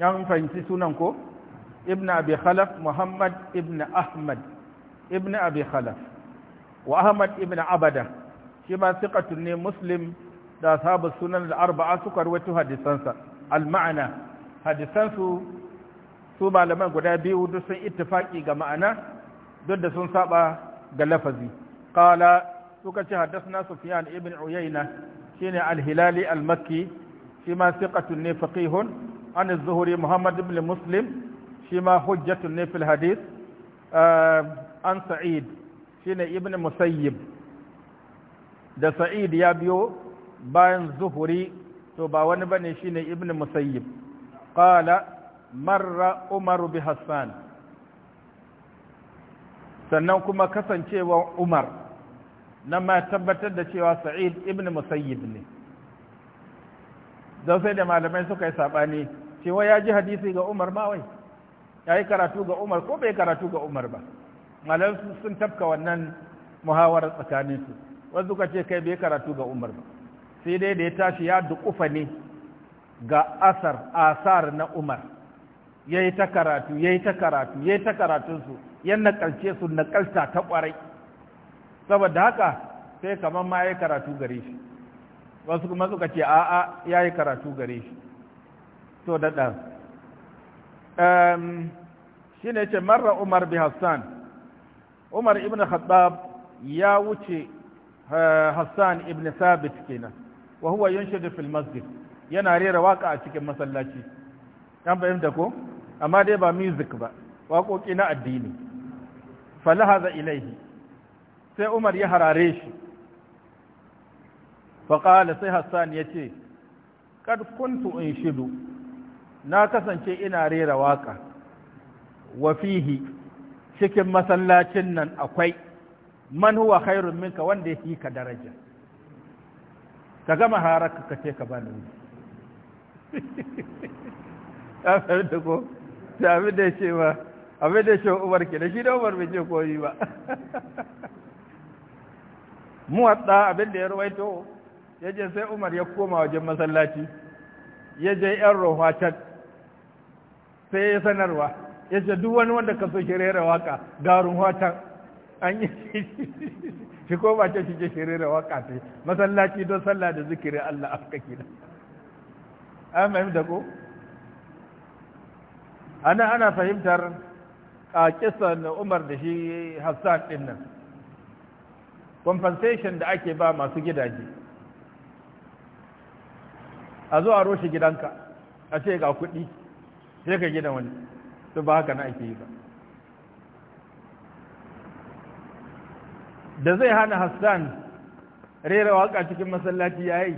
يعني فانتي سننكو ابن أبي خلف محمد ابن أحمد ابن أبي خلف wa ahmad ibn abada shi ma thiqatun ne muslim da sabu sunan al-arba'a suka rawaito hadisansa al-ma'ana hadisansu su malaman guda biyu duk sun ittifaki ga ma'ana duk da sun saba ga lafazi qala suka ce haddathna sufyan ibn uyayna shine al-hilali al-makki shi ma thiqatun ne faqihun an az-zuhri muhammad ibn muslim shi ma hujjatun ne fil hadith an sa'id shine ibn musayyib da sa'id ya biyo bayan zuhuri to ba wani bane shine ibn musayyib qala marra umar bi hassan sannan kuma kasancewa umar na ma tabbatar da cewa sa'id ibn musayyib ne don sai da malamai suka yi saɓani cewa ya ji hadisi ga umar ma wai ya yi karatu ga umar ko bai karatu ga umar ba malansu sun tafka wannan muhawarar tsakaninsu wasu suka ce kai bai karatu ga umar ba sai dai da ya tashi ya dukufa ne ga asar asar na umar ya yi ta karatu ya yi ta karatu ya yi ta karatunsu ya naƙarce su nakalta ta ƙwarai saboda haka sai kamar ma ya yi karatu gare shi wasu kuma suka ce a'a ya yi karatu gare shi to da ɗan shi ne ce marar umar bi hassan umar ibn khattab ya wuce eh, hassan ibn sabit kenan wa huwa yanshidu fil masjid yana rera waka a cikin masallaci an fahimta ko amma dai ba music ba waƙoƙi na addini falahaza ilaihi sai umar ya harare shi faƙala sai hassan ya ce kad kuntu in shidu na kasance ina rera waka. wa fihi cikin masallacin nan akwai man huwa khairun minka wanda yake ka daraja ka gama haraka ka ce ka bani wuri ya fahimta ko da abin da ya ce ba abin da ya ce umar ke da shi da umar bai ce koyi ba muwatsa abin da ya ruwaito ya je sai umar ya koma wajen masallaci ya je yan rohwa can sai ya sanarwa ya ce duk wani wanda ka so shi waka garin watan an yi shi ko ba ta shige shirera waka ta masallaci don sallah da zikirin Allah afka kila an fahimta ko ana ana fahimtar a kisan Umar da shi Hassan din nan compensation da ake ba masu gidaje a zo a roshe gidanka a ce ga kuɗi sai ka gidan wani su ba haka na ake yi ba da zai hana hassan rera waka cikin masallaci ya yi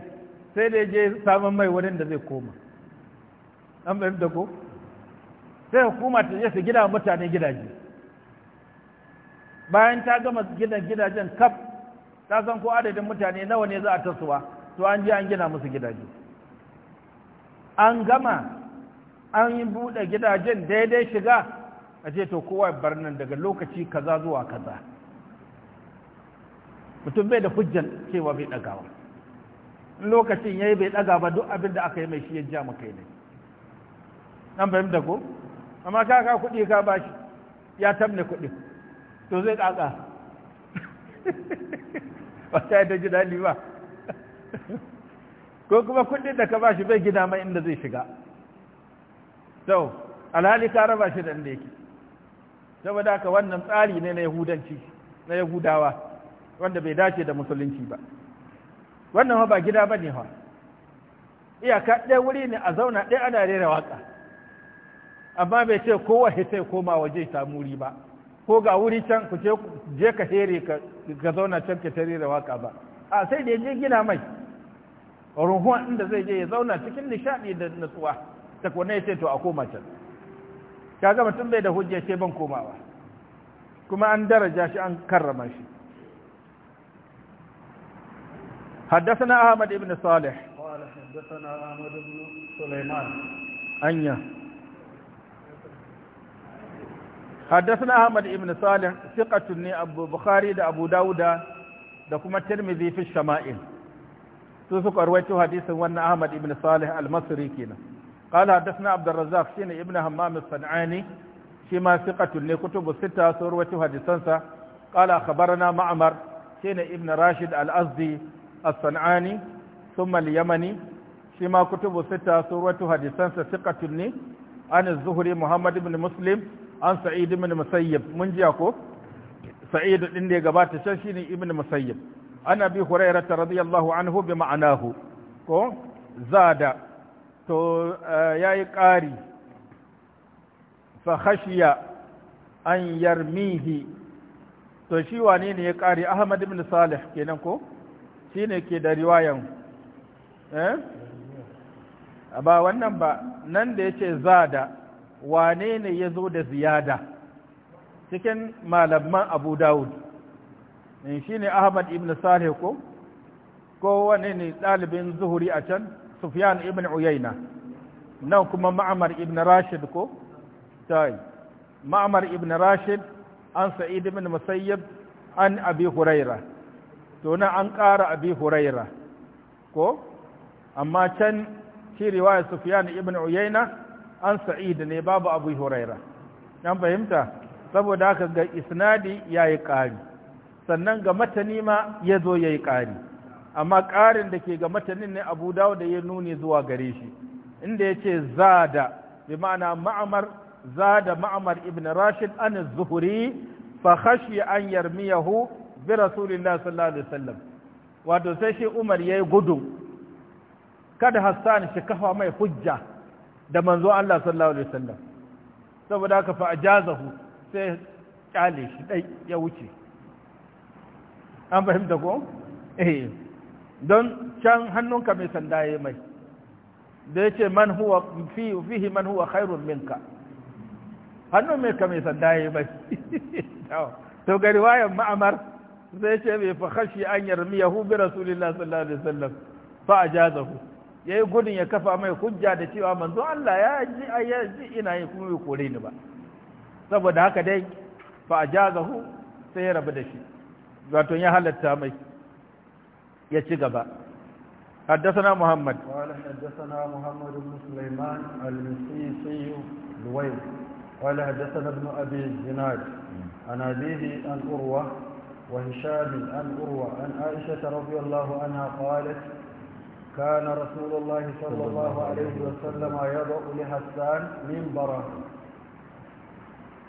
sai da je samun mai wani da zai koma an da ko sai hukuma ta je su gida mutane gidaje bayan ta gama gina gidajen kaf ta san ko adadin mutane nawa ne za a tasowa to an je an gina musu gidaje an gama an yi buɗe gidajen daidai shiga a ce to kowa bar nan daga lokaci kaza zuwa kaza mutum bai da hujjan cewa bai ɗagawa lokacin ya yi bai ɗaga ba duk abin da aka yi mai shi ya ja maka ne an fahimta ko amma ka ka kuɗi ka ba shi ya tabne kuɗi to zai ƙaƙa ba ta yi da ji daɗi ba ko kuma kuɗin da ka ba shi bai gina mai inda zai shiga to alhali ka raba shi da inda yake saboda haka wannan tsari ne na yahudanci na yahudawa wanda bai dace da musulunci ba wannan ba gida ba ne fa iyaka ɗaya wuri ne a zauna ɗaya ana rera waka. amma bai ce kowa sai koma waje samu wuri ba ko ga wuri can ku ce je ka here ka zauna can ka tare da waka ba a sai da je gina mai ruhuwa inda zai je ya zauna cikin nishadi da natsuwa takwane ya ce to a koma can gama tun bai da hujja ce ban komawa kuma an daraja shi an karrama shi حدثنا Ahmad Ibn صالح قال Ahmad Ibn بن سليمان أنيا Abu Bukhari da Abu ثقة da kuma tirmidhi fi shama'il su suka rawaito hadisin wannan Ahmad ibn Salih al-Masri kenan قال حدثنا عبد الرزاق شين ابن همام الصنعاني شما ثقة لكتب الستة سروة حديثنسا قال أخبرنا معمر شين ابن راشد الأزدي الصنعاني ثم اليمني شما كتب الستة سروة حديثنسا ثقة لي عن الزهري محمد بن مسلم عن سعيد بن مسيب من جاكو سعيد اللي قبات شين ابن مسيب عن أبي هريرة رضي الله عنه بمعناه زاد to eh, ya yi ƙari fahashiya an yarmihi to shi wane ne ya ƙari ahmad ibn salih kenan ko shi ne ke da riwayan eh ba wannan ba nan da ya ce zada wane ne ya zo da ziyada cikin malamman abu dawud eh, shi ne ahmad ibn salih ko ko wane ne ɗalibin zuhuri a can sufyan ibn uyayna nan kuma ma'amar ibn rashid ko tai ma'amar ibn rashid an sa'id ibn musayyib an abi huraira to nan an ƙara abi huraira ko amma can shi riwaya sufyan ibn uyayna an sa'id ne babu abu huraira an fahimta saboda haka ga isnadi yayi ƙari sannan ga matani ma yazo yayi ƙari amma ƙarin da ke ga matanin ne abu dawo da ya nuni zuwa gare shi inda ya ce zada bi ma'ana ma'amar zada ma'amar ibn rashid an zuhuri fa khashi an yarmiyahu bi rasulillah sallallahu alaihi wasallam wato sai shi umar yayi gudu kada hassan shi kafa mai hujja da manzo Allah sallallahu alaihi wasallam saboda haka fa ajazahu sai kyale shi dai ya wuce an fahimta ko eh don can hannunka mai sanda ya mai da ya ce man huwa fihi man huwa khairun minka hannun mai ka mai sanda ya mai to gari wayan ma'amar zai ce bai fa khashi an ya hubi rasulullah sallallahu alaihi wasallam fa ya yi gudun ya kafa mai hujja da cewa manzo Allah ya ji a ji ina yi kuma bai kore ni ba saboda haka dai fa a ajazahu sai ya rabu da shi Zato ya halatta mai ya gaba حدثنا محمد قال حدثنا محمد بن سليمان المسيسي الويل قال حدثنا ابن أبي الزناد عن أبيه عن أروة وهشام عن أروة عن عائشة رضي الله عنها قالت كان رسول الله صلى الله عليه وسلم يضع لحسان منبرا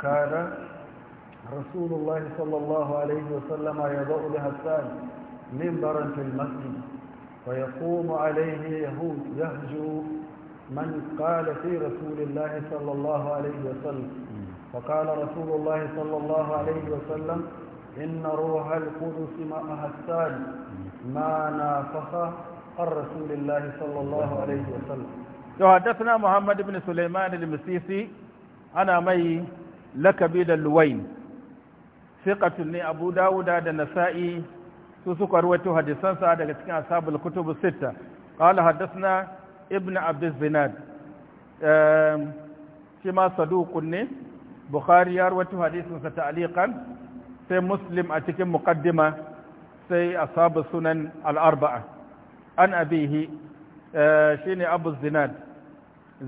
كان رسول الله صلى الله عليه وسلم يضع لحسان منبرا في المسجد ويقوم عليه يهود يهجو من قال في رسول الله صلى الله عليه وسلم وقال رسول الله صلى الله عليه وسلم إن روح القدس ما الثاني ما نافخ عن رسول الله صلى الله عليه وسلم تحدثنا محمد بن سليمان المسيسي أنا مي لك بيد اللوين ثقة أبو داود النسائي su suka ruwaito hadisansa daga cikin ashabul kutubu sita qala haddathna ibn abd zinad ehm, shi ma saduqun ne bukhari ya ruwaito hadisinsa ta'liqan sai muslim a cikin muqaddima sai ashabus sunan al-arba'a an abihi eh, shine abu zinad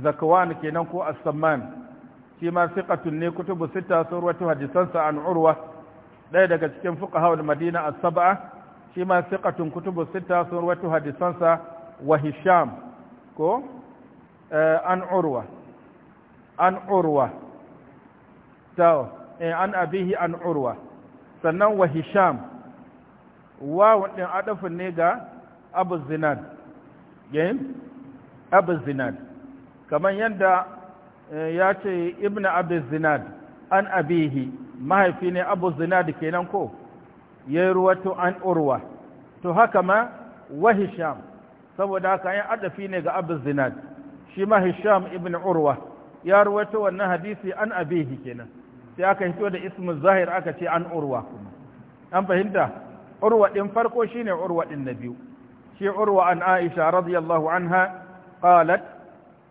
zakwan kenan ko as-samman shi ma siqatun ne kutubu sita sun ruwaito hadisansa an urwa ɗaya daga cikin fuqaha madina as-sab'a shi ma siqatun kutubu sita sun rawaito hadisansa wa hisham ko eh, an urwa an urwa ta eh, an abihi an urwa sannan wa hisham wawun ɗin adafin ne ga abu zinad yayin abu zinad kamar yadda eh, ya ce ibn abu zinad an abihi mahaifi ne abu zinad kenan ko ya an urwa to haka ma wa hisham saboda haka ya adafi ne ga abu zinad shi ma hisham ibn urwa ya ruwato wannan hadisi an abihi kenan sai aka hito da ismin zahir aka ce an urwa kuma an fahimta urwa din farko shine urwa din na biyu shi urwa an aisha radiyallahu anha qalat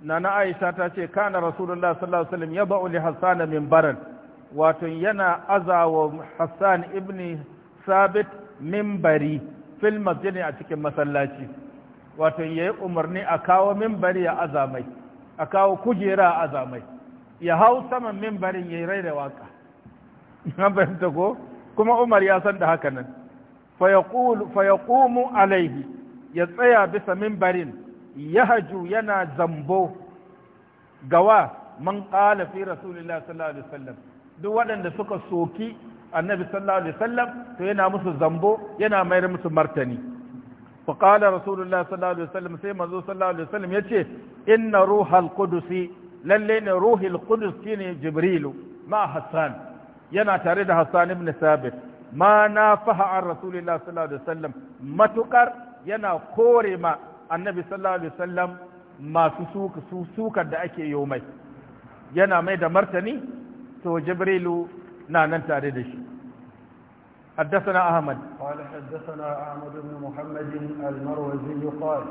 nana aisha ta ce kana rasulullah sallallahu alaihi wasallam yaba'u li hasan min baran wato yana azawa hassan ibni sabit mimbari fil masjidi a cikin masallaci wato yayi umarni a kawo mimbari ya azamai a kawo kujera a azamai ya hau saman mimbarin yayi rai da waka an fahimta ko kuma Umar ya san da haka nan fa yaqumu alaihi ya tsaya bisa mimbarin yahaju yana zambo gawa man qala fi rasulillahi sallallahu alaihi wasallam duk waɗanda suka soki annabi sallallahu alaihi wasallam to yana musu zambo yana mayar musu martani fa qala rasulullahi sallallahu alaihi wasallam sai manzo sallallahu alaihi wasallam yace inna ruhal qudus lalle ne ruhul qudus shine jibrilu ma hassan yana tare da hassan ibn sabit ma nafaha an rasulullahi sallallahu alaihi wasallam matukar yana kore ma annabi sallallahu alaihi wasallam masu sukar da ake yomai yana mai da martani to jibrilu نعم أنت أريد شيء حدثنا أحمد قال حدثنا أحمد بن محمد المروزي قال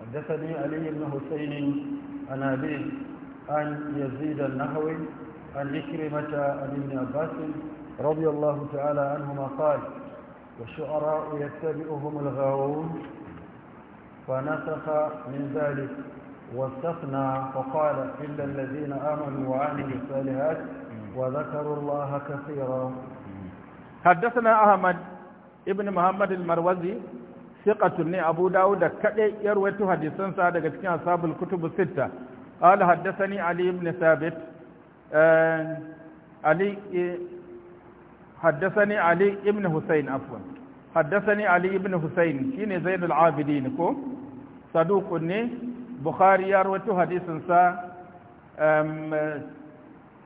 حدثني علي بن حسين عن أبي عن يزيد النحوي عن إكرمة عن ابن عباس رضي الله تعالى عنهما قال والشعراء يتبعهم الغاوون فنسخ من ذلك واستثنى فقال إلا الذين آمنوا وعملوا الصالحات وذكروا الله كثيرا حدثنا احمد ابن محمد المروزي ثقة ني ابو داود كدي يروي حديثا سادة cikin أصحاب الكتب الستة قال حدثني علي بن ثابت علي حدثني علي ابن حسين عفوا حدثني علي ابن حسين شنو زين العابدين كو صدوق ني بخاري يروي حديثا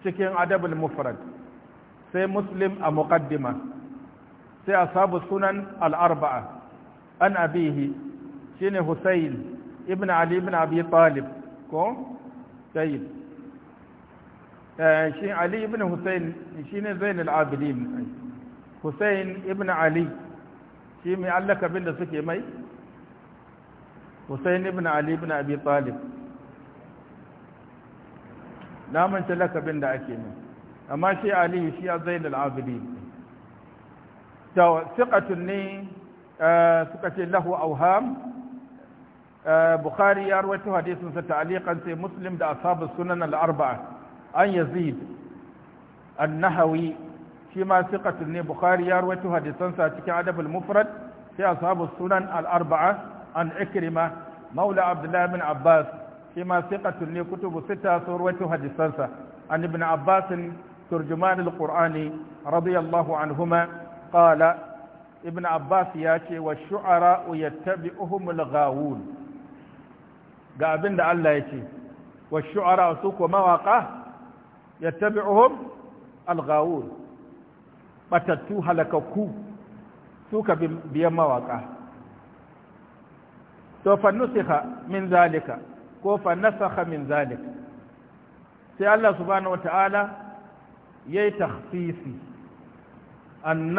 cikin adabul mufrad sai muslim a muqaddima sai ashabu sunan al-arba'a an abihi shine husayn ibn ali ibn abi talib ko tayyib eh, shi ali ibn husayn shine zain al-abidin husayn ibn ali shi mai allaka bin da suke mai husayn ibn ali ibn abi talib na manta lakabin da ake min amma shi aliyu shi ya zai al'abidi ta siƙatun ne eh, suka ce lahu auham eh, bukhari ya rawaito hadisin sa ta'liqan sai muslim da ashabu sunan al-arba'a an yazid an-nahawi shi ma siqatun ne bukhari ya rawaito hadisan sa cikin adab al-mufrad sai ashabu sunan al-arba'a an ikrima maula abdullah bin abbas shi ma siqatun ne kutubu sita sun rawaito hadisansa an ibn abbas turjuman alqur'ani radiyallahu anhuma qala ibn abbas ya ce wa shu'ara yattabi'uhum alghawun ga abinda Allah ya ce wa shu'ara su ko mawaka yattabi'uhum alghawun batattu halakakku suka biyan mawaƙa? to fa nusikha min zalika ko fa nasakha min zalik sai Allah subhanahu wata'ala yayi takhsisi an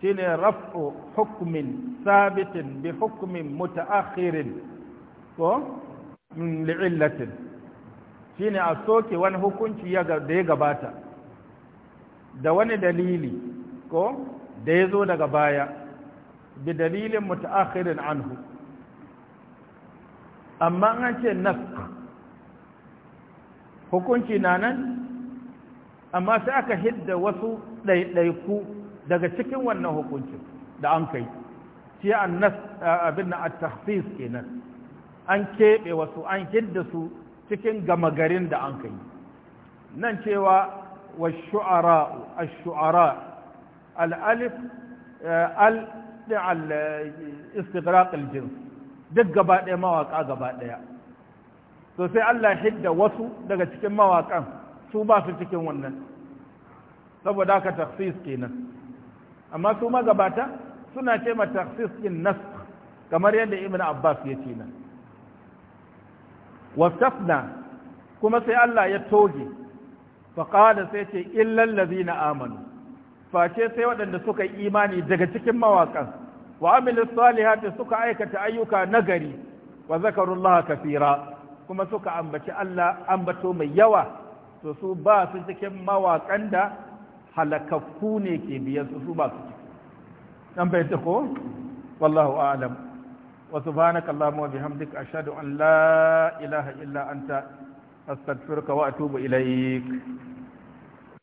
shine raf'u hukmin sabitin bi hukmin mutaakhirin ko min li'illatin shine a soke wani hukunci da ya gabata da wani dalili ko da ya zo daga baya bi dalilin mutaakhirin anhu amma an ce nafk hukunci na nan amma sai aka hidda wasu ɗaiɗaiku daga cikin wannan hukuncin da an kai shi an abin na at-takhsis kenan an keɓe wasu an hidda su cikin gama garin da an kai nan cewa wa shu'ara a shuara al-alif eh, al-istighraq jins duk gaba ɗaya mawaƙa gaba ɗaya to sai Allah hidda wasu daga cikin mawaƙan su ba su cikin wannan saboda haka taksis kenan amma su magabata suna ce ma taksis din nas kamar yadda ibn abbas ya ce nan wasafna kuma sai Allah ya toge faƙada sai ce illan na amanu face sai waɗanda suka yi imani daga cikin mawaƙan wa amilu salihati suka aikata ayyuka nagari wa zakarullah kafira kuma suka ambaci Allah ambato mai yawa to su ba su cikin mawaƙan da halakaffu ne ke biyan su su ba su ciki dan bai ta ko wallahu a'lam wa subhanaka allahumma wa bihamdika ashhadu an la ilaha illa anta astaghfiruka wa atubu